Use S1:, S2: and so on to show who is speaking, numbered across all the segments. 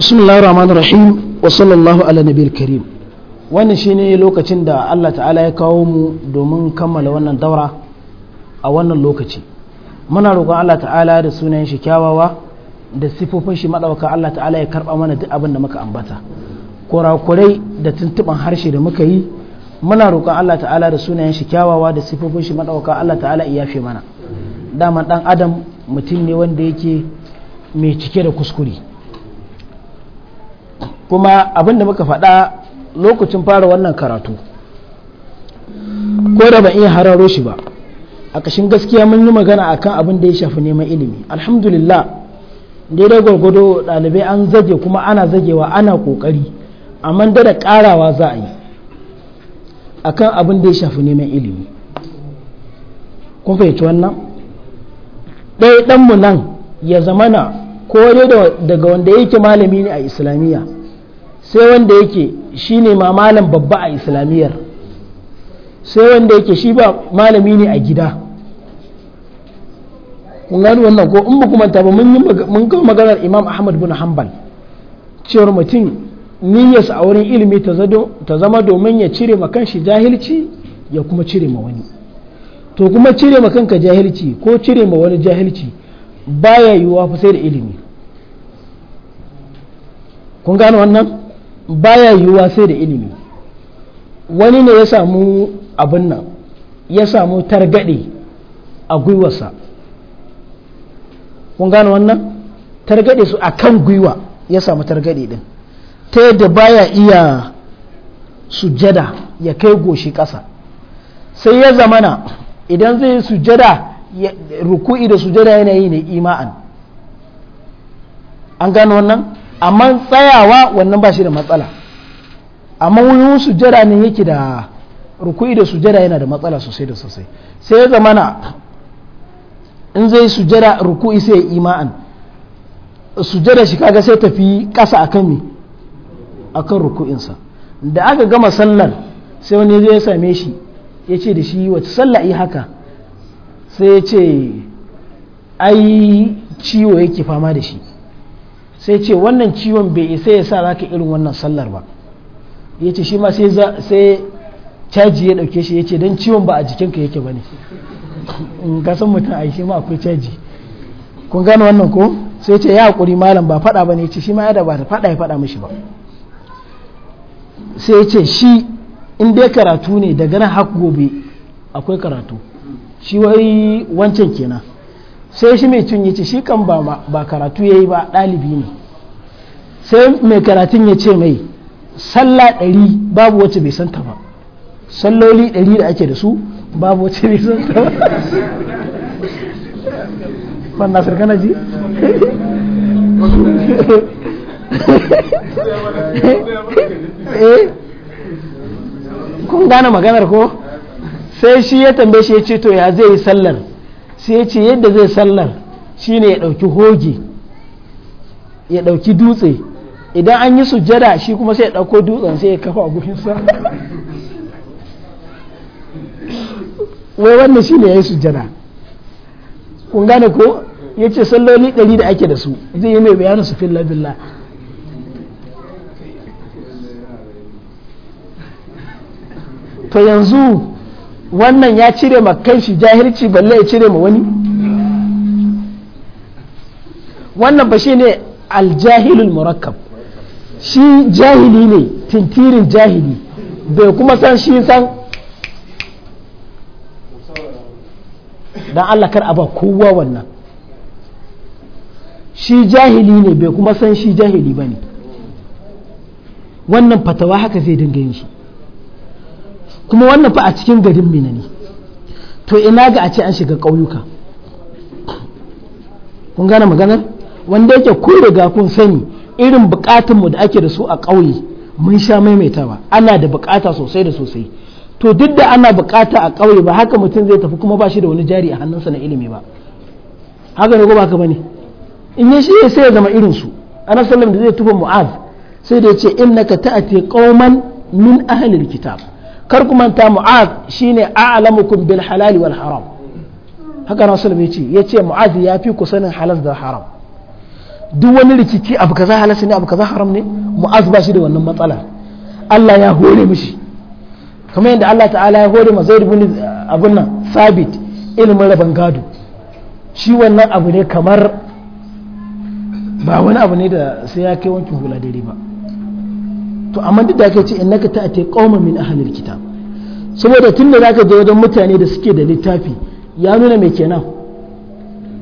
S1: الله الرحمن الرحيم وصلى الله على النبي karim wannan shine lokacin da Allah ta'ala ya kawo mu domin kammala wannan daura a wannan lokaci muna roƙon Allah ta'ala da sunayen shi kyawawa da sifofin shi Allah ta'ala ya karba mana duk abin da muka ambata kurakurai da tuntuban harshe da muka yi muna roƙon Allah ta'ala da sunayen shi kyawawa da sifofin shi madauka Allah ta'ala ya yafe mana dama ɗan adam mutum ne wanda yake mai cike da kuskure kuma abin da muka faɗa lokacin fara wannan karatu ko da ban iya hararo shi ba a kashin gaskiya mun yi magana akan abin da ya shafi neman ilimi alhamdulillah daidai gwargwado ɗalibai an zage kuma ana zagewa ana ƙoƙari amma da da ƙarawa za a yi akan abin da ya shafi neman ilimi kun fahimci wannan ɗaya ɗanmu nan ya zamana ko daga wanda yake malami ne a islamiyya sai wanda yake shi ne ma malam babba a islamiyyar sai wanda yake shi ba malami ne a gida kun gani wannan ko in ba kuma ta ba mun kawo maganar imam ahmad bin hanbal cewar mutum niyyarsa a wurin ilimi ta zama domin ya cire ma kanshi jahilci ya kuma cire ma wani to kuma cire ma kanka jahilci ko cire ma wani jahilci baya yiwuwa fa sai da ilimi kun gano wannan baya yiwuwa sai da ilimi wani ne ya samu abin nan ya samu targaɗe a gwiwarsa kun gano wannan targaɗe su a kan gwiwa ya samu targaɗe ɗin ta yadda baya iya sujada ya kai goshi ƙasa sai ya zamana idan zai sujada ruku'i da sujada yana yi ne ima'an an gano wannan amma tsayawa wannan ba shi da matsala amma wurin sujjada ne yake da ruku'i da sujjada yana da matsala sosai da sosai sai ya zamana in zai sujjada ruku'i sai ya ima'an sujjada shi kaga sai tafi kasa akan mi akan ruku'insa da aka gama sallar sai wani zai same shi ya ce da shi wace sallah yi haka sai ya ce ai ciwo yake fama da shi sai ce wannan ciwon bai isa ya sa za ka irin wannan sallar ba ya ce shi ma sai caji ya ɗauke shi ya ce don ciwon ba a jikinka yake ba ne in ka san mutum a shi ma akwai caji kun gano wannan ko sai ce ya haƙuri malam ba faɗa ba ne ya ce shi ma ya da ba faɗa ya faɗa mishi ba sai ya ce shi in dai karatu ne daga nan har gobe akwai karatu shi wai wancan kenan sai shi mai cin ce shi kan ba karatu ya yi ba ɗalibi ne sai mai karatun ya ce mai sallah ɗari babu wacce bai santa ba salloli ɗari da ake da su babu wacce bai santa ba fan nasir kana ji eh? kun gane maganar ko sai shi ya tambaye shi ya ce to ya zai yi sallar sai ya ce yadda zai sallar shine ya ɗauki hoge ya ɗauki dutse idan an yi sujjada shi kuma sai ya ɗauko dutsen sai ya kafa a gufinsa wai wannan shine ya yi sujjada kun gane ko ya ce salloli ɗari da ake da su zai yi mai bayanin su filla labilla to yanzu wannan ya cire ma kanshi jahilci balle ya cire ma wani wannan ba shi ne aljahilul murakkab shi jahili ne tintirin jahili bai kuma san shi san dan Allah kar a ba kowa wannan shi jahili ne bai kuma san shi jahili ba ne wannan fatawa haka zai dinga yin shi kuma wannan fa a cikin garin mina ne to ina ga a ce an shiga ƙauyuka kun gane maganar wanda yake kun riga kun sani irin mu da ake da su a ƙauye mun sha maimaitawa ana da bukata sosai da sosai to duk da ana bukata a ƙauye ba haka mutum zai tafi kuma ba shi da wani jari a hannunsa na ilimi ba haka ne ko ba ka bane in ya shi sai ya zama irin su anas sallam da zai tuba mu'az sai da ya ce innaka ta'ati qauman min ahlil kitab kar ku manta mu'az shine a'lamukum bil halal wal haram haka rasul bai ce yace mu'az ya fi ku sanin halal da haram duk wani rikici abu kaza halal ne abu kaza haram ne mu'az ba shi da wannan matsala Allah ya hore mishi kamar yadda Allah ta'ala ya hore ma zaid ibn eh, abun nan sabit ilmin rabon gado shi wannan abu ne kamar ba wani abu ne da sai ya kai wankin hula daidai ba to amma duk da aka ce innaka ta qauma min ahlil kitab saboda tunda zaka je wajen mutane da suke da littafi ya nuna me kenan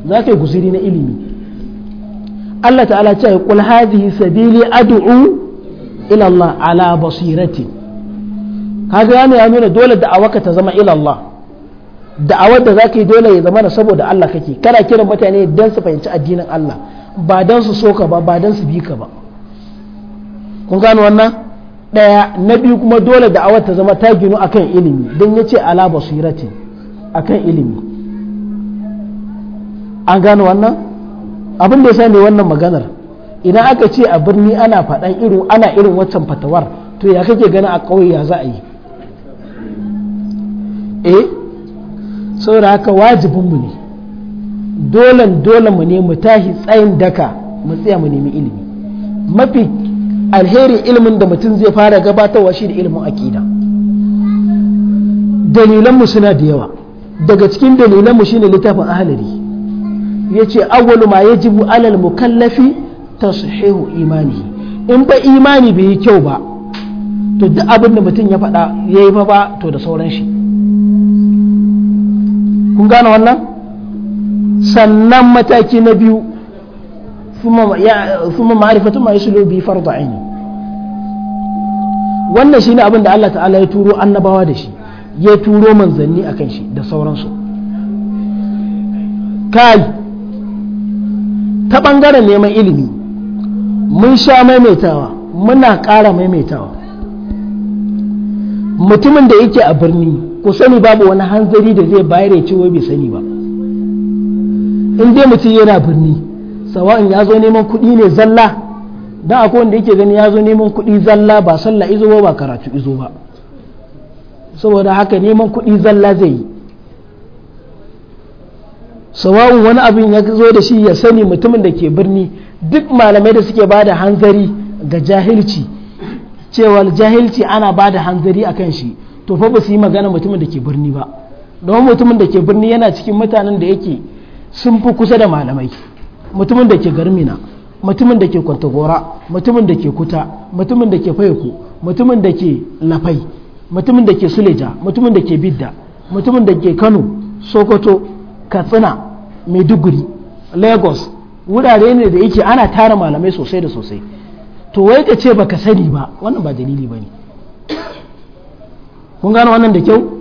S1: zaka yi guziri na ilimi Allah ta'ala ce ya qul hadhihi sabili ad'u ila Allah ala basirati kaga ya nuna dole awaka ta zama ila Allah da'awar da zaka yi dole ya zama saboda Allah kake kana kiran mutane dan su fahimci addinin Allah ba dan su soka ba ba dan su bi ka ba kun gano wannan ɗaya na biyu kuma dole da awar ta zama ta ginu akan ilimi don ya ce ala basirati akan ilimi an gano wannan abin da ya sa ne wannan maganar idan aka ce a birni ana faɗan irin ana irin waccan fatawar to ya kake gani a ƙauye ya za a yi E? saboda haka wajibinmu ne dolan dole mu ne mu tashi tsayin daka mu tsaya mu nemi ilimi mafi alherin ilimin da mutum zai fara gabatarwa shi da ilimin akida dalilanmu suna da yawa daga cikin dalilanmu shine littafin ahalari ya ce awwalu ma yajibu alal mukallafi tashihu imani in ba imani bai yi kyau ba to duk abin da mutum ya faɗa ya yi ba to da sauran shi kun gane wannan sannan mataki na biyu ثم معرفة ما يسلو به فرض عيني wannan shine abin da Allah ta'ala ya turo annabawa da shi ya turo manzanni a kan shi da sauransu kai ta ɓangaren neman ilimi mun sha maimaitawa muna ƙara maimaitawa mutumin da yake a birni ku sani babu wani hanzari da zai bayar ya ce wai bai sani ba in dai mutum yana birni sawa'in ya zo neman kuɗi ne zalla don akwai wanda yake gani ya zo neman kuɗi zalla ba sallah izo ba karatu izo ba saboda haka neman kuɗi zalla zai yi sawa'un wani abin ya zo da shi ya sani mutumin da ke birni duk malamai da suke ba da hanzari ga jahilci cewa jahilci ana bada hanzari a kan shi to fa ba su yi magana mutumin da ke birni ba don mutumin da ke birni yana cikin mutanen da yake sun fi kusa da malamai mutumin da ke garmina mutumin da ke kwantagora mutumin da ke kuta mutumin da ke faiku mutumin da ke lafai mutumin da ke suleja mutumin da ke bidda mutumin da ke kano sokoto katsina maiduguri lagos wurare ne da yake ana tara malamai sosai da sosai to wai ka ce baka sani ba wannan ba dalili ba ne kun gano wannan da kyau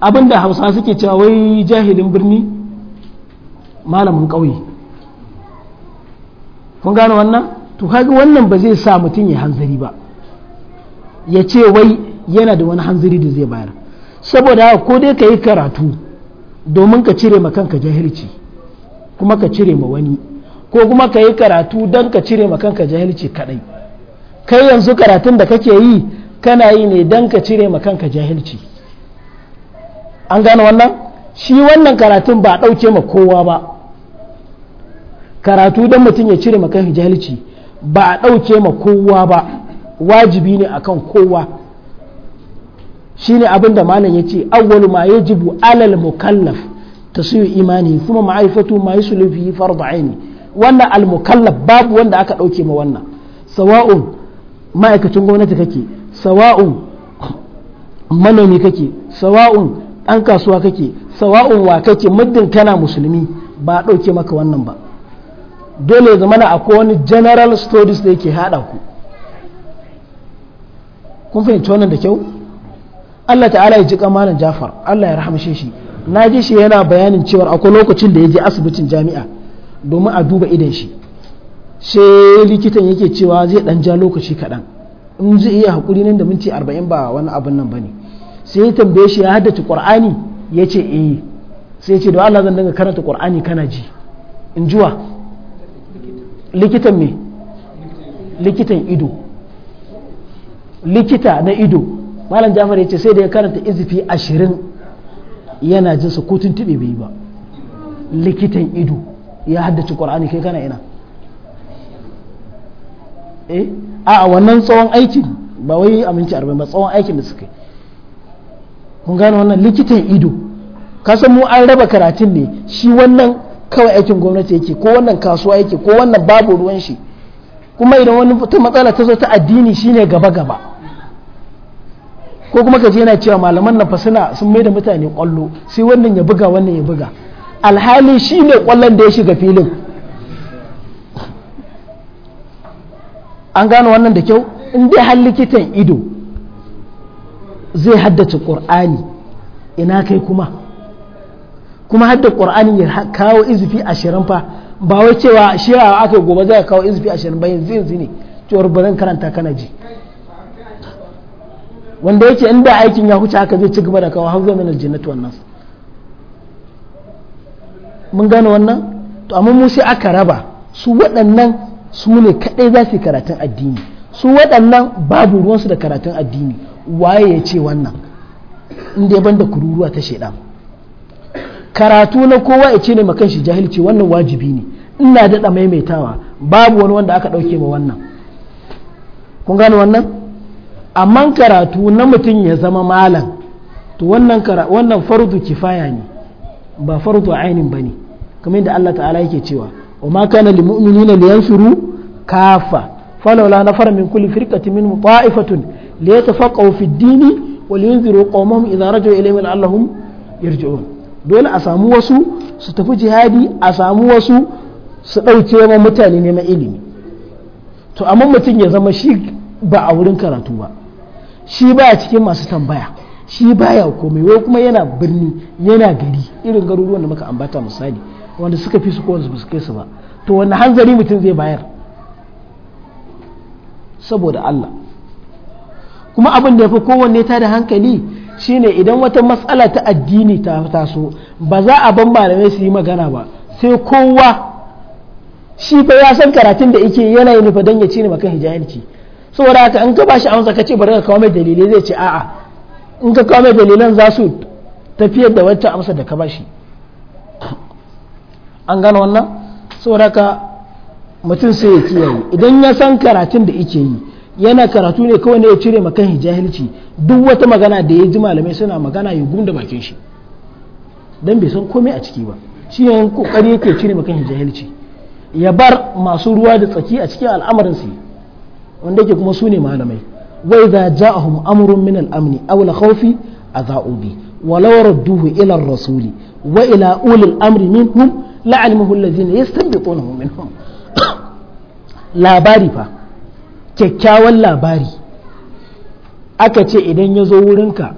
S1: abinda hausa suke cewa wai jahilin birni malamin ƙauye kun gano wannan to kaga wannan ba zai sa mutum ya hanzari ba ya ce wai yana da wani hanzari da zai bayar saboda ko dai ka yi karatu domin ka cire ma kanka jahilci kuma ka cire ma wani ko kuma ka yi karatu don ka cire ma kanka jahilci kadai kai yanzu karatun da kake yi kana yi ne don ka cire ma kanka jahilci an gano wannan shi wannan karatun ba ɗauke ma kowa ba karatu don mutum ya cire makan hijalici ba a ɗauke ma kowa ba wajibi ne a kan kowa shine abin da malam ya ce awwalu ma yajibu alal mukallaf tasiyu imani kuma ma'aifatu ma yi faru ba'a aini wannan al babu wanda aka ɗauke ma wannan sawa'un ma'aikacin gwamnati kake sawa'un manomi kake sawa'un ɗan kasuwa kake sawa'un wa kake muddin kana musulmi ba a ɗauke maka wannan ba dole ya zamana akwai wani general studies da yake haɗa ku kun fahimci wannan da kyau Allah ta'ala ya ji kamalan Jafar Allah ya rahamshe shi na ji shi yana bayanin cewa akwai lokacin da ya je asibitin jami'a domin a duba idan shi sai likitan yake cewa zai dan ja lokaci kaɗan in zai iya haƙuri nan da minti arba'in ba wani abin nan ba ne sai ya tambaye shi ya haddace qur'ani. ya ce eh sai ya ce da Allah zan dinga karanta qur'ani kana ji in jiwa likitan me likitan ido likita na ido malam jafar ya ce sai da ya karanta izifi ashirin yana jin sa kutun tube bai ba likitan ido ya haddace qur'ani kai kana ina eh a wannan tsawon aikin ba wai aminci arba'in ba tsawon aikin da suka yi kun gane wannan likitan ido kasan mu an raba karatun ne shi wannan kawai aikin gwamnati yake ko wannan kasuwa yake ko wannan babu ruwan shi kuma idan wani ta matsala ta zo ta addini shine gaba gaba ko kuma ka yana cewa malaman nan fa suna sun mai da mutane kwallo sai wannan ya buga wannan ya buga alhali shine kwallon da ya shiga filin an gano wannan da kyau in dai har likitan ido zai haddace qur'ani ina kai kuma kuma hadda qur'ani ya kawo izufi ashirin fa ba wai cewa shi a aka gobe zai kawo izufi ashirin ba yanzu yanzu ne cewar ba zan karanta kana ji wanda yake inda aikin ya huce haka zai ci gaba da kawo hauza min aljannat wannan mun gane wannan to amma mu sai aka raba su waɗannan su ne kaɗai za su yi karatun addini su waɗannan babu ruwansu da karatun addini waye ya ce wannan inda ya banda kururuwa ta shaidan karatu na kowa ya ce ne makan shi jahilci wannan wajibi ne ina daɗa maimaitawa babu wani wanda aka ɗauke ma wannan kun gane wannan amma karatu na mutum ya zama malam to wannan wannan fardu kifaya ne ba fardu ainin bane kamar da Allah ta'ala yake cewa wa ma kana lil mu'minina liyansuru kafa falawla nafara min kulli firqatin min ta'ifatun liyatafaqahu fid dini wa liyunziru qawmahum idza raja'u ilayhim la'allahum yarji'un dole a samu wasu su tafi jihadi a samu wasu su ɗauke wa mutane neman ilimi to amma mutum ya zama shi ba a wurin karatu ba shi baya cikin masu tambaya shi baya komai wai kuma yana birni yana gari irin garuruwan da muka ambata misali wanda suka fi su ko su kai su ba to wanda hanzari mutum zai bayar saboda Allah kuma abin da ya fi kowanne ta da hankali shine idan wata matsala ta addini ta taso ba za a ban malamai su yi magana ba sai kowa shi fa ya san karatun da yake yana yi nufa don ya ci ne makan hijayenci saboda haka in ka ba shi amsa ka ce bari ka kawo mai dalilai zai ce a'a in ka kawo mai dalilan za su tafiyar da wancan amsa da ka ba shi an gano wannan saboda haka mutum sai ya kiyaye idan ya san karatun da yake yi yana karatu ne kawai ne ya cire ma kan duk wata magana da ya ji malamai suna magana ya gunda bakin shi dan bai san komai a ciki ba shi yan kokari yake cire ma kan ya bar masu ruwa da tsaki a cikin al'amarin su wanda yake kuma su ne malamai wa idza ja'ahum amrun min al-amn aw al-khawfi adha'u bi walau radduhu ila ar-rasul wa ila ulil amri minhum la'alimahu alladhina yastanbitunahu minhum labari fa kyakkyawan labari aka ce idan ya zo wurinka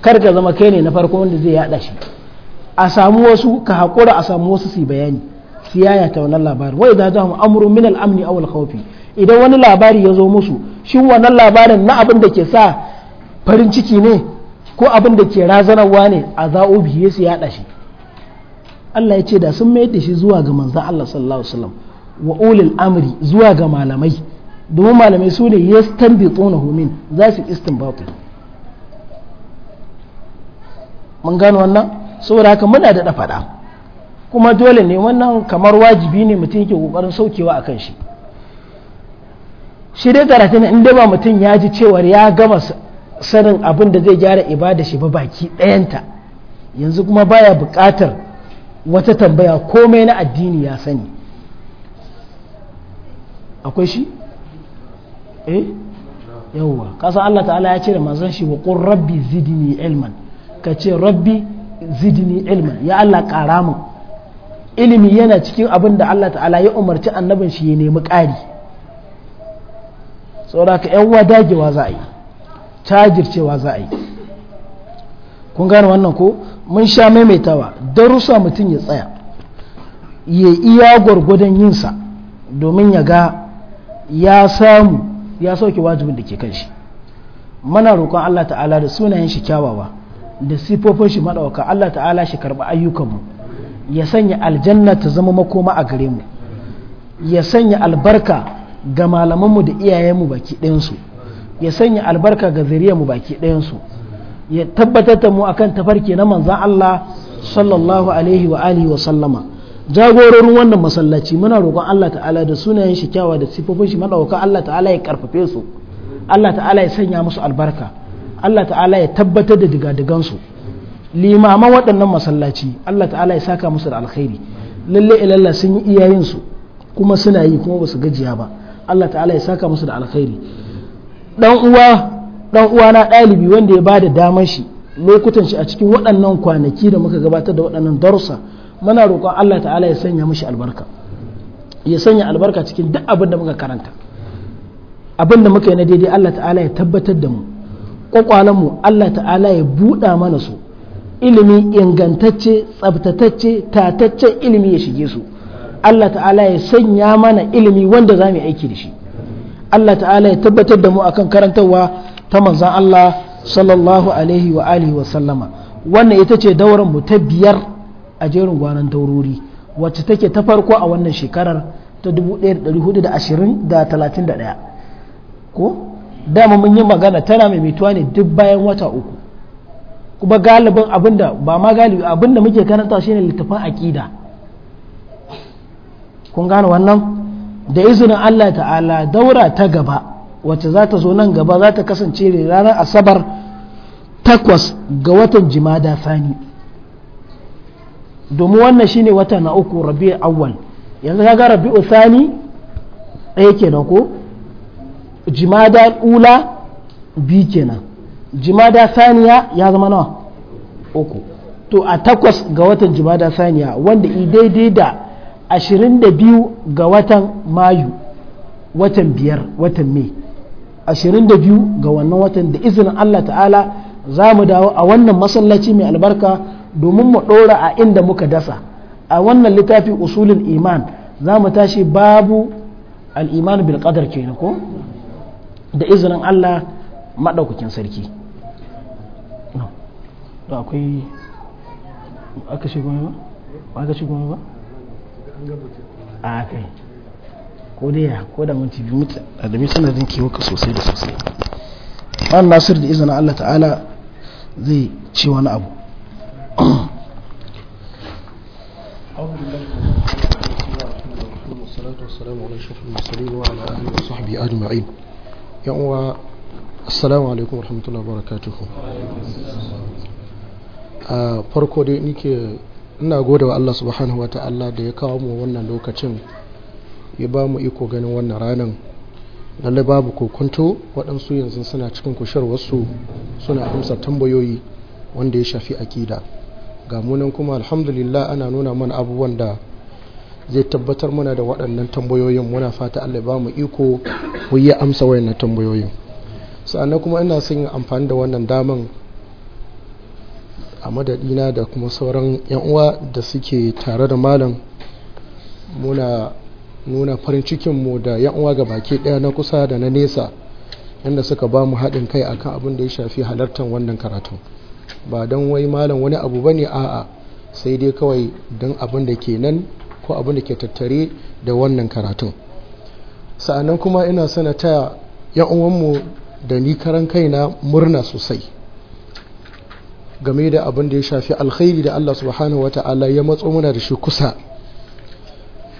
S1: kar ka zama kai ne na farko wanda zai yada shi a samu wasu ka haƙura a samu wasu su bayani su yaya ta wannan labarin wai da zama amru min al-amni idan wani labari ya zo musu shi wannan labarin na abin da ke sa farin ciki ne ko abin da ke razanarwa ne a za'o biye su yada shi Allah ya ce da sun mayar da shi zuwa ga manzon Allah sallallahu alaihi wasallam wa ulil amri zuwa ga malamai domin malamai su ne ya tsona homin za su istinbatu mun gano wannan saboda haka muna da faɗa kuma dole ne wannan kamar wajibi ne mutum yake kokarin saukewa a kan shi shi dai in dai ba mutum ya ji cewar ya gama sanin abin da zai gyara ibada shi ba baki ɗayanta yanzu kuma baya buƙatar wata tambaya komai na addini ya sani akwai shi eh yawwa kasa Allah ta'ala ya ce da manzon shi wa qur rabbi zidni ilman ka ce rabbi zidni ilman ya Allah ƙara min ilimi yana cikin abin da Allah ta'ala ya umarci annabin shi ya nemi ƙari saboda ka yan dagewa za a yi tajircewa za a yi kun gane wannan ko mun sha maimaitawa darussa mutum ya tsaya ya iya gwargwadon yinsa domin ya ga ya samu ya sauke wajibin da ke kan shi muna roƙon Allah ta'ala da sunayen shi kyawawa da sifofin shi madawaka Allah ta'ala shi ayyukan ayyukanmu ya sanya aljanna ta zama makoma a gare mu ya sanya albarka ga malamanmu da iyayenmu baki ɗayansu ya sanya albarka ga zuriyarmu baki ɗayansu ya tabbatar da mu akan tafarki na manzon Allah sallallahu alaihi wa alihi wa sallama jagororin wannan masallaci muna roƙon Allah ta'ala da sunayen shi kyawa da sifofin shi madauka Allah ta'ala ya ƙarfafe su Allah ta'ala ya sanya musu albarka Allah ta'ala ya tabbatar da digadigansu limaman waɗannan masallaci Allah ta'ala ya saka musu da alkhairi lalle ilalla sun yi iyayen su kuma suna yi kuma ba su gajiya ba Allah ta'ala ya saka musu da alkhairi dan uwa dan uwa na ɗalibi wanda ya bada damar shi lokutan shi a cikin waɗannan kwanaki da muka gabatar da waɗannan darussa muna roƙon Allah ta'ala ya sanya mushi albarka ya sanya albarka cikin duk abin da muka karanta abin da muka yi na daidai Allah ta'ala ya tabbatar da mu mu Allah ta'ala ya buɗa mana su ilimi ingantacce tsabtatacce tatacce ilimi ya shige su Allah ta'ala ya sanya mana ilimi wanda za mu aiki da shi Allah ta'ala ya tabbatar da mu akan karantarwa ta manzan Allah sallallahu alaihi wa alihi wa sallama wannan ita ce dauran mu ta biyar a jerin gwanon taurori wacce take ta farko a wannan shekarar ta 1431 ko dama mun yi magana tana mai mituwa ne duk bayan wata uku kuma galibin abinda ba ma galibi abinda muke karanta shine littafin aqida kun gane wannan da izinin Allah ta'ala daura ta gaba wacce za ta zo nan gaba za ta kasance ranar asabar takwas ga watan jimada sani domin wannan shine wata na uku rabi awwal yanzu ga rabi thani ɗaya kenan ko jimada ula bi kenan jimada saniya ya zama nawa uku to a takwas ga watan jimada saniya wanda i daidai da ashirin da biyu ga watan mayu watan biyar watan mai ashirin da biyu ga wannan watan da izinin allah ta'ala za mu dawo a wannan masallaci mai albarka domin mu ɗora a inda muka dasa a wannan littafi usulin iman za mu tashi babu al'iman bil qadar kenan ko da izinin Allah maɗaukakin sarki da akwai aka shi ne ba aka shi ne ba a kai ko da ya ko da minti biyu mutu adami suna jin kiwaka sosai da sosai an nasir da izinin Allah ta'ala zai ce wani abu assalamu
S2: alaikum والصلاة والسلام a farko dai nike ina godewa Allah subhanahu wa ta'ala da ya kawo mu wannan lokacin ya ba mu iko ganin wannan ranar lalle babu kokonto waɗansu yanzu suna cikin kushar wasu suna amsa tambayoyi wanda ya shafi akida ga munan kuma alhamdulillah ana nuna mana abubuwan da zai tabbatar mana da waɗannan tambayoyin muna fata Allah ba mu iko mu yi amsa wayannan tambayoyin sannan kuma ina son yin amfani da wannan daman a madadina da kuma sauran yan uwa da suke tare da malam muna nuna farin cikin mu da yan uwa ga baki ɗaya na kusa da na nesa inda suka ba mu haɗin kai akan abin da ya shafi halartar wannan karatun. ba don wai malam wani abu ba ne a'a sai dai kawai don abin da ke nan ko abin da ke tattare da wannan karatun sa'annan kuma ina sana ta yan da ni karan kaina murna sosai game da abin da ya shafi alkhairi da Allah subhanahu wa ta'ala ya matso muna da shi kusa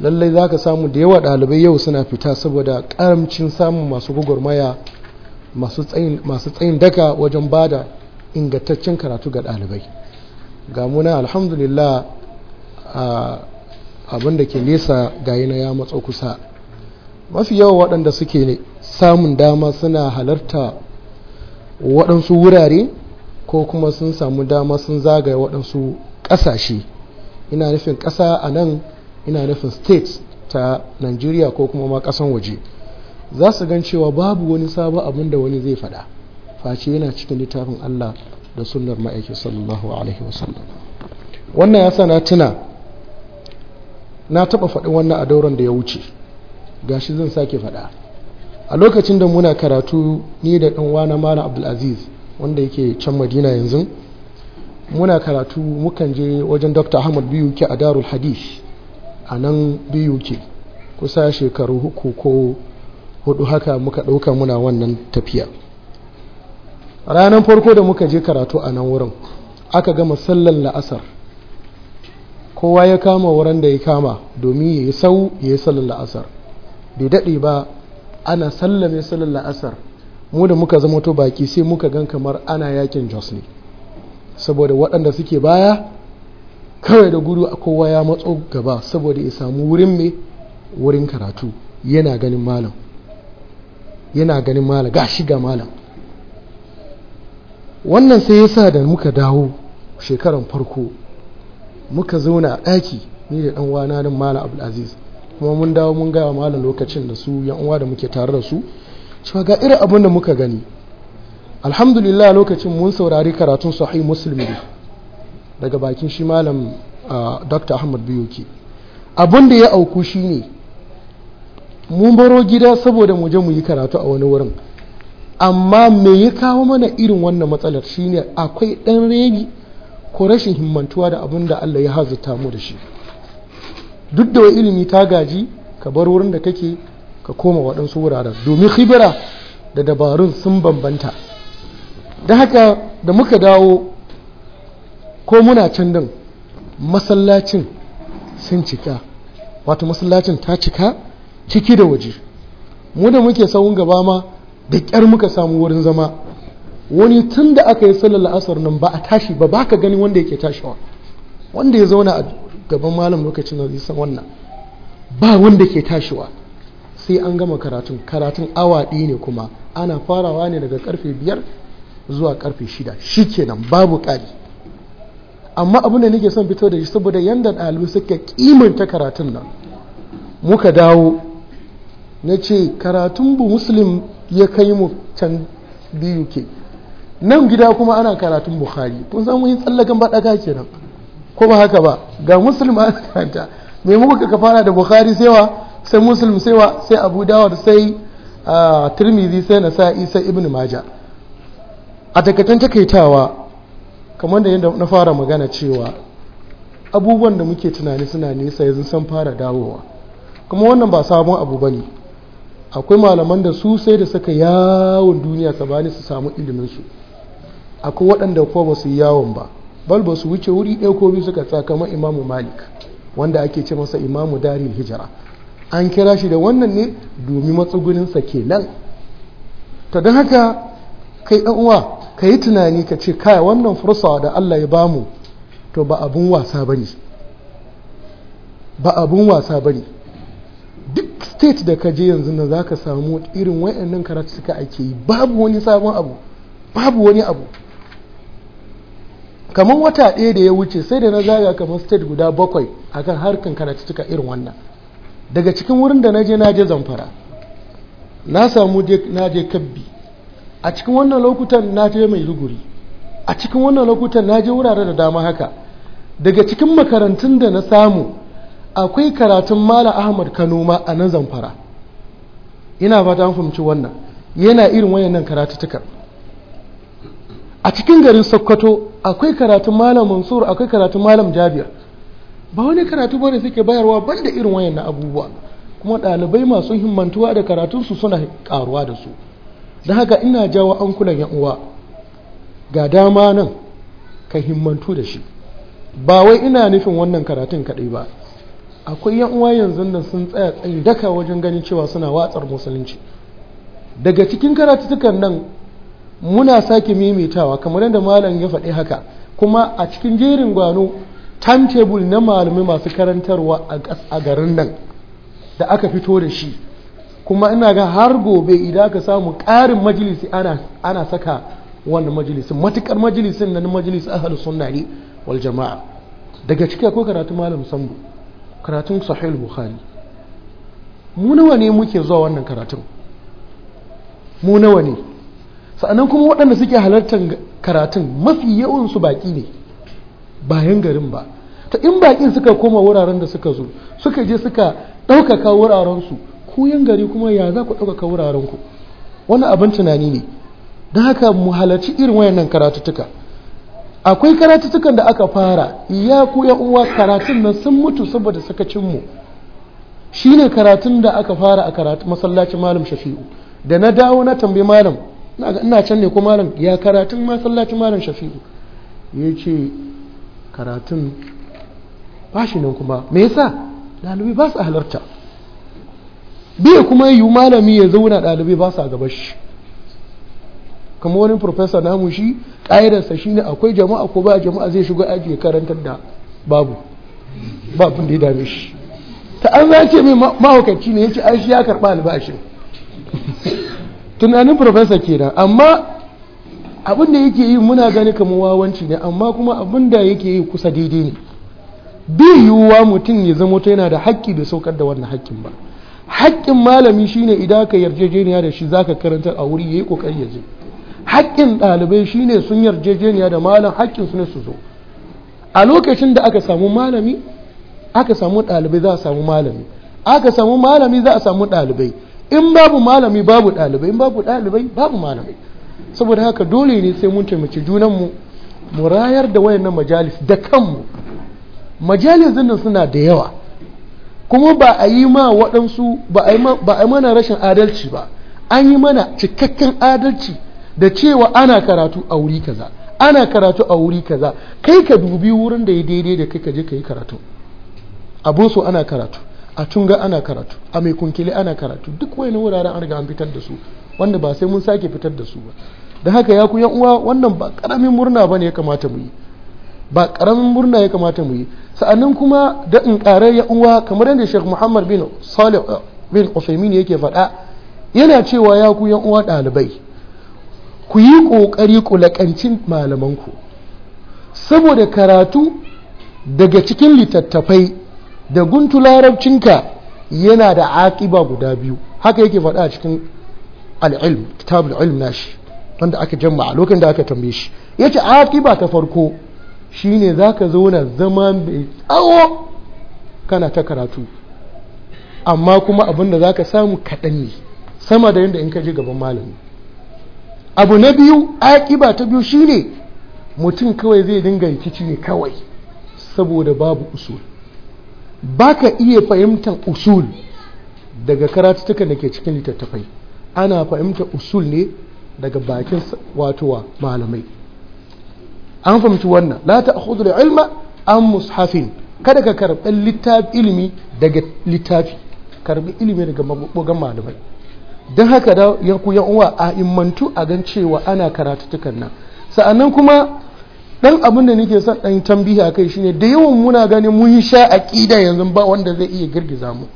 S2: lallai za ka samu da yawa ɗalibai yau suna fita saboda karamcin samun masu gugurmaya masu tsayin daka wajen bada ingantaccen karatu ga ɗalibai ga muna alhamdulillah abin da ke nesa gayi na ya matso kusa mafi yawa waɗanda suke samun dama suna halarta waɗansu wurare ko kuma sun samu dama sun zagaya waɗansu ƙasashe ina nufin ƙasa a nan ina nufin state ta nigeria ko kuma ma ƙasan waje za su gan cewa babu wani sabon abin da wani zai faɗa face yana cikin littafin Allah da sunnar ma'aiki sallallahu alaihi wasallam wannan ya sa na tuna na taɓa faɗi wannan a dauran da ya wuce gashi zan sake faɗa a lokacin da muna karatu ni da ɗan wana Abdul abdulaziz wanda yake can madina yanzu muna karatu mukan je wajen dr ahmad biyu a darul hadith a nan biyu kusa shekaru uku ko hudu haka muka ɗauka muna wannan tafiya ranar farko da muka je karatu a nan wurin aka gama sallar la'asar kowa ya kama wurin da ya kama domin ya yi sau ya yi sallar la'asar bai daɗe ba ana sallame sallar la'asar mu da muka zama to baki sai muka gan kamar ana yakin jos ne saboda waɗanda suke baya kawai da gudu a kowa ya matso gaba saboda ya samu wurin mai wurin karatu yana ganin malam yana ganin malam gashi ga malam wannan sai ya sa da muka dawo shekaran farko muka zauna ɗaki ni da ɗan wana nan mala abdulaziz kuma mun dawo mun gaya mala lokacin da su yan uwa da muke tare da su cewa ga irin abin da muka gani alhamdulillah lokacin mun saurari karatun sahih muslim ne daga bakin shi malam dr ahmad biyoki abin da ya auku shine mun baro gida saboda mu je mu yi karatu a wani wurin amma me ya kawo mana irin wannan matsalar shine akwai ɗan regi ko rashin himmantuwa da abin da Allah ya hazuta mu da shi duk da ilimi ta gaji ka bar wurin da kake ka koma waɗansu wuraren domin khibira da dabarun sun bambanta da haka da muka dawo ko muna can din masallacin sun cika wato masallacin ta cika ciki da waje mu da muke saurin gaba ma da ƙyar muka samu wurin zama wani tun da aka yi sallar la'asar nan ba a tashi ba ba ka gani wanda yake tashiwa. wanda ya zauna a gaban malam lokacin da san wannan ba wanda ke tashiwa sai an gama karatun karatun awa ɗaya ne kuma ana farawa ne daga karfe biyar zuwa karfe shida shi nan babu ƙari amma abin da nake son fito da shi saboda yadda ɗalibai suka kimanta karatun nan muka dawo na ce karatun bu muslim ya kai mu can biyu ke nan gida kuma ana karatun Bukhari kun san mun baɗaka kenan ko ba haka ba ga Muslim ana karanta me muku ka fara da Bukhari sai wa sai Muslim sai wa sai Abu Dawud sai ah, Tirmidhi sai Nasa'i sai Ibn maja. a takaitan takaitawa kamar da yadda na fara magana cewa abubuwan da muke tunani suna nisa yanzu san fara dawowa kuma wannan ba sabon abu bane akwai malaman da su sai da suka yawon duniya ka bani su samu iliminsu akwai waɗanda ko ba su yawon ba bal ba su wuce wuri ɗaya ko biyu suka tsakama imamu malik wanda ake ce masa imamu darin hijira an kira shi da wannan ne domin matsuguninsa kenan ta don haka kai uwa ka yi tunani ka ce kaya wannan fursa da allah ya bamu to ba abin wasa ba ne state da ka je yanzu na za ka samu irin wayannan karatu suka ake yi babu wani sabon abu babu wani abu kamar wata ɗaya da ya wuce sai da na zaga kamar state guda bakwai akan harkan karatu suka irin wannan daga cikin wurin da na je na je zamfara na samu na je kabbi a cikin wannan lokutan na je maiduguri a cikin wannan lokutan na je wurare da dama haka daga cikin makarantun da na samu akwai karatun mala ahmad kano ma a nan zamfara ina fata ta fahimci wannan yana irin wayannan karatutuka a cikin garin sokoto akwai karatun malam mansur akwai karatun malam jabir ba wani karatu bane suke bayarwa ban da irin wayannan abubuwa kuma ɗalibai masu himmantuwa da karatunsu suna karuwa da su don haka ina jawo an kulan yan uwa ga dama nan ka himmantu da shi ba wai ina nufin wannan karatun kaɗai ba akwai yan uwa yanzu da sun tsaya tsayin daka wajen ganin cewa suna watsar musulunci daga cikin karatutukan nan muna sake mimitawa kamar yadda malam ya faɗi haka kuma a cikin jerin gwano timetable na malami masu karantarwa a garin nan da aka fito da shi kuma ina ga har gobe idan aka samu ƙarin majalisi ana saka wannan majalisin matuƙar majalisin na majalisi ahalus sunna ne wal jama'a daga ciki akwai karatu malam sambo karatun sahih bukhari mu nawa ne muke zuwa wannan karatun mu nawa ne sa'annan kuma waɗanda suke halartar karatun mafi yawan su baki ne bayan garin ba ta in bakin suka koma wuraren da suka zo suka je suka ɗaukaka wuraren su yan gari kuma ya za ku ɗaukaka wuraren ku wani abin tunani ne don haka mu halarci irin wayannan karatuttuka akwai karatutukan da aka fara ya ku ya uwa karatun nan sun mutu saboda sakacinmu shi ne karatun da aka fara a karatu masallacin malam shafi'u da na dawo na tambayi malam ina can ne ko malam ya karatun masallacin malam shafi'u ya ce karatun ba shi nan kuma me yasa dalibi ba su halarta bai kuma yi malami ya zauna dalibi ba su a gabashi kamar wani profesa namu shi ƙa'idarsa shine akwai jama'a ko ba jama'a zai shiga aji ya karantar da babu babun da ya dame shi ta an zace mai mahaukaci ne ya ce an shi ya karɓa albashin tunanin profesa kenan amma abin da yake yi muna gani kamar wawanci ne amma kuma abin da yake yi kusa daidai ne bi yiwuwa mutum ya zama ta yana da haƙƙi bai saukar da wannan haƙƙin ba haƙƙin malami shine idan ka yarjejeniya da shi zaka karanta a wuri yayi kokari ya je haƙƙin ɗalibai shine sun yarjejeniya da malam haƙƙin su ne su zo a lokacin da aka samu malami aka samu ɗalibai za a samu malami aka samu malami za a samu ɗalibai in babu malami babu ɗalibai in babu ɗalibai babu malami saboda haka dole ne sai mun taimaki junanmu mu rayar da wayannan majalis da kanmu majalis nan suna da yawa kuma ba a yi ma waɗansu ba a yi mana rashin adalci ba an yi mana cikakken adalci da cewa ana karatu a wuri kaza ana karatu a wuri kaza kai ka dubi wurin da ya daidai da kai ka je ka yi karatu a boso ana karatu a tunga ana karatu a mai kunkili ana karatu duk wani wuraren an riga an fitar da su wanda ba sai mun sake fitar da su ba da haka ya ku uwa wannan ba karamin murna ba ne ya kamata mu yi ba karamin murna ya kamata mu yi sa'annan kuma da in ƙarar ya uwa kamar yadda Sheikh Muhammad bin Salih eh, bin Uthaymeen yake faɗa yana cewa ya ku yan uwa ɗalibai ku yi ƙoƙari ku malamanku saboda karatu daga cikin littattafai da guntu larabcinka yana da aƙiba guda biyu haka yake faɗa a cikin al'ilm kitab al'ilm nashi wanda aka jamma a lokacin da aka tambaye shi ya ce aƙiba ta farko shine za ka zauna zama mai tsawo kana ta karatu amma kuma abin da za ka samu kaɗan ne sama da yadda in ka je gaban malami abu na biyu aƙiba ta biyu shine mutum kawai zai dinga rikici ne kawai saboda babu usul baka iya fahimtar usul daga karatuttukan da ke cikin littattafai ana fahimtar usul ne daga bakin watowa malamai an fahimci wannan la ta da ilma an mushafin kada ka karɓi littafi ilimi daga littafi karɓi ilimi daga mabugan malamai don haka da ya ku uwa a immantu a gan cewa ana karatutukan nan sa'annan kuma ɗan abin da nake son ɗan tambihi a kai shine da yawan muna gani mun sha aqida yanzu ba wanda zai iya girgiza mu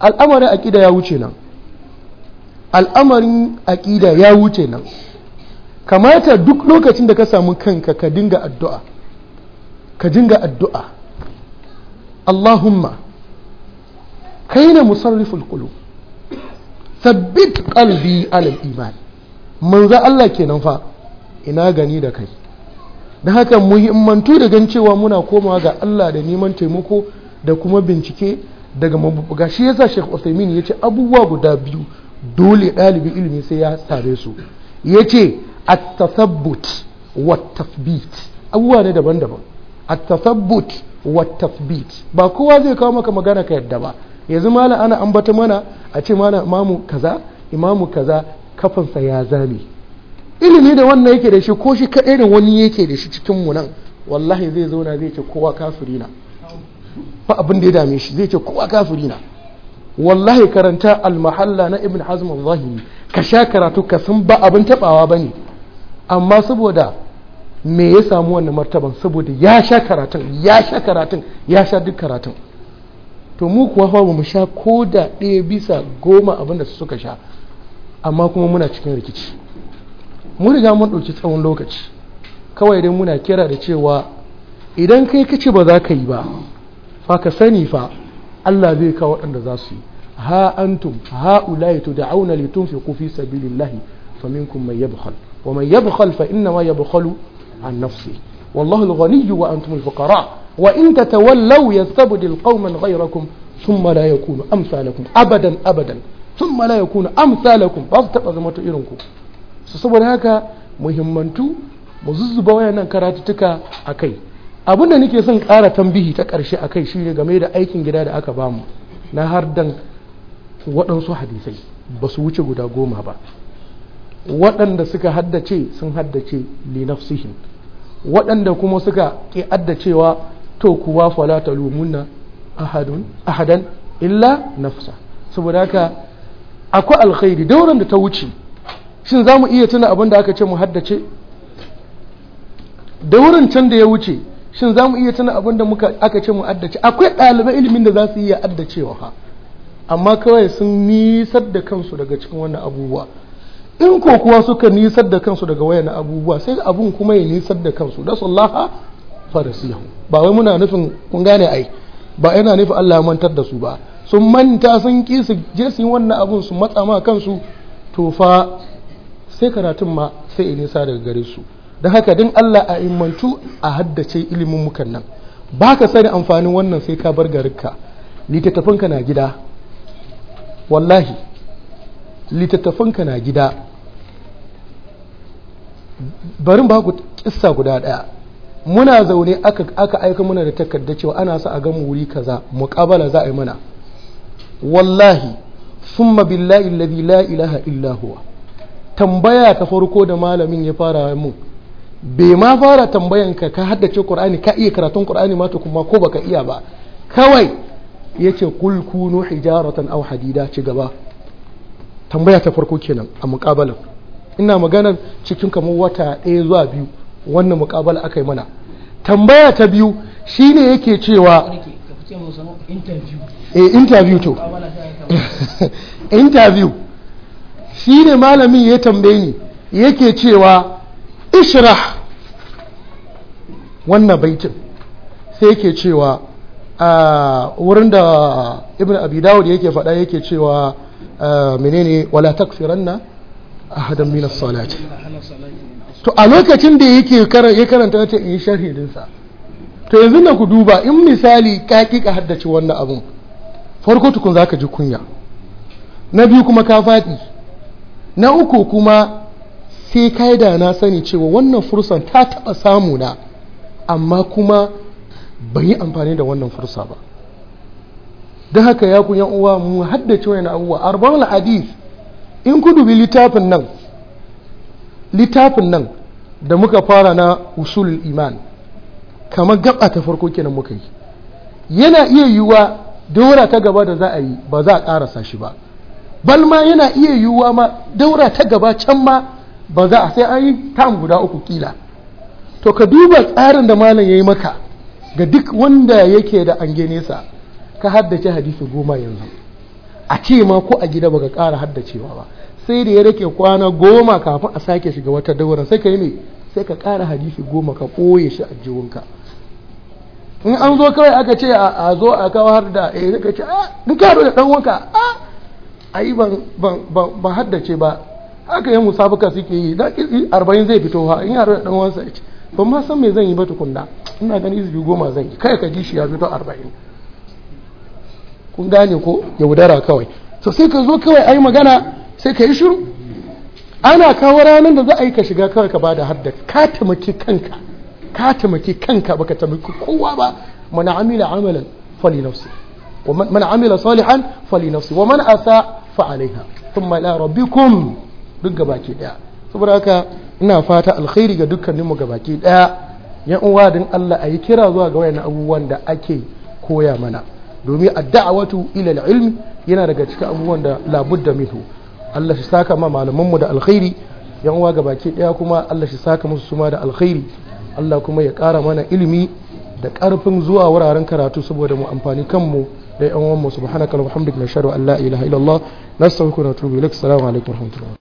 S2: al'amarin aqida ya wuce nan al'amarin aqida ya wuce nan kamata duk lokacin da ka samu kanka ka dinga addu'a ka dinga addu'a Allahumma kaina musarriful qulub sabbit kalbi alal iman manzo Allah kenan fa ina gani da kai da haka muhimmantu da gan cewa muna komawa ga Allah da neman taimako da kuma bincike daga mabubuga shi yasa Sheikh Uthaymeen yace abubuwa guda biyu dole dalibi ilimi sai ya sare su yace at-tathabbut wa tathbit abubuwa ne daban-daban at-tathabbut wa tathbit ba kowa zai kawo maka magana ka yadda ba yanzu malam ana ambata mana a ce mana imamu kaza imamu kaza kafansa ya zame ilimi da wannan yake da shi ko shi kaɗai da wani yake da shi cikin mu nan wallahi zai zauna zai ce kowa kafiri na fa abin da ya dame shi zai ce kowa kafiri na wallahi karanta almahalla na ibn hazm al-zahiri ka sha karatu ka san ba abin tabawa bane amma saboda me ya samu wannan martaban saboda ya sha karatun ya sha karatun ya sha duk karatun to mu kuwa fa mu sha ko da ɗaya bisa goma abinda su suka sha amma kuma muna cikin rikici mu riga mun ɗauki tsawon lokaci kawai dai muna kira da cewa idan kai kace ba za ka yi ba fa ka sani fa Allah zai kawo waɗanda za su yi ha antum ha ulai tu da'una li tunfiqu fi sabilillahi faminkum man yabkhal wa man yabkhal fa inna ma yabkhalu an nafsi wallahu al-ghani wa antum al-fuqara wa in tatawallaw yastabdil qauman ghayrakum thumma la yakunu amsalakum abadan abadan thumma la yakunu amsalakum ba su taba zama ta irin ku su saboda haka muhimmantu mu zuzzuba wayannan karatuttuka akai abin da nake son ƙara tambihi ta ƙarshe akai shine game da aikin gida da aka bamu na har dan waɗansu hadisai ba su wuce guda goma ba waɗanda suka haddace sun haddace li nafsihim waɗanda kuma suka ƙi addacewa to kuwa fala lumuna a ahadan illa nafsa saboda haka akwai alkhairi dauran da ta wuce shin za mu iya tuna abin da aka ce mu haddace dauran can da ya wuce shin za mu iya tuna abin da aka ce mu haddace akwai ɗalibai ilimin da za su iya haddacewa ha amma kawai sun nisar da kansu daga cikin wannan abubuwa in ko kuwa suka nisar da kansu daga wayan abubuwa sai abun kuma ya nisar da kansu da sallaha farisiyahu ba wai muna nufin kun gane ai ba yana nufin Allah ya mantar da su ba sun manta sun ki su je su wannan abun su matsa ma kansu to fa sai karatun ma sai sa daga gare su don haka din Allah a imantu a haddace ilimin mukan nan ba ka sani amfanin wannan sai ka bar garinka littattafanka na gida wallahi littattafanka na gida barin ba ku kissa guda daya muna zaune aka aka aika muna da takarda cewa ana sa a ga mu wuri kaza muƙabala za a yi mana wallahi summa billahi alladhi la ilaha illa tambaya ta farko da malamin ya fara mu bai ma fara tambayan ka ka haddace qur'ani ka iya karatun qur'ani ma kuma ko baka iya ba kawai yace kul kunu hijaratan aw hadida ci gaba tambaya ta farko kenan a muƙabalan ina maganar cikin kamar wata ɗaya zuwa biyu wannan muƙabala aka yi mana tambaya ta biyu shine yake cewa
S1: e interview to
S2: interview shine malamin ya tambaye ni yake cewa ishrah wannan baitin sai yake cewa a wurin da ibn abi dawud yake faɗa yake cewa menene wala takfiranna ahadan min salati to a lokacin da yake ya karanta ta yi sharhi to yanzu na ku duba in misali kaki ka haddace wannan abun farko tukun za ka ji kunya na biyu kuma ka faɗi na uku kuma sai da na sani cewa wannan fursan ta taɓa samu na amma kuma ban yi amfani da wannan fursa ba don haka ya ku yan uwa mu haddace wani abubuwa arba'ul hadith in ku dubi littafin nan littafin nan da muka fara na usul iman kamar gaba ta farko kenan muka yi yana iya yiwuwa daura ta gaba da za a yi ba za a karasa shi ba bal ma yana iya yiwuwa ma daura ta gaba can ma ba za a sai an yi tam guda uku kila to ka duba tsarin da malam ya yi maka ga duk wanda yake da an nesa ka haddace hadisi goma yanzu a ce ma ko a gida baka ƙara haddacewa ba sai da ya rake kwana goma kafin a sake shiga wata daura sai ka yi ne sai ka ƙara hadisi goma ka ɓoye shi a jiwonka in an zo kawai aka ce a zo a har da ya eh, ka ce a ah, in ka da dan wanka a ah, yi ban ban haddace ba yi yan musabaka suke yi da arba'in zai fito ha in yaro da dan wansa ya ce ban ma san me zan yi ba tukunna ina gani izbi goma zan yi kai ka ji shi ya fito arba'in kun gane ko yaudara kawai so sai ka zo kawai yi magana sai ka yi shiru ana kawo ranar da za a yi ka shiga kawai ka bada hadda ka taimaki kanka ka taimaki kanka baka taimaki kowa ba mana amila amalan fali nafsi ومن عمل صالحا فلنفسه ومن أساء فعليها ثم إلى ربكم duk gabaki daya saboda haka ina fata alkhairi ga dukkaninmu gabaki daya yan uwa din Allah ayi kira zuwa ga wayannan abubuwan da ake koya mana domin adda'awatu dawatu ila ilmi yana daga cikin abubuwan da labudda mihu Allah shi saka ma malamanmu da alkhairi yan uwa baki daya kuma Allah shi saka musu suma da alkhairi Allah kuma ya kara mana ilimi da karfin zuwa wuraren karatu saboda mu amfani kanmu da yan uwan mu wa walhamdulillah nashhadu an la ilaha illallah nastaghfiruka wa natubu ilaik assalamu alaikum rahmatullahi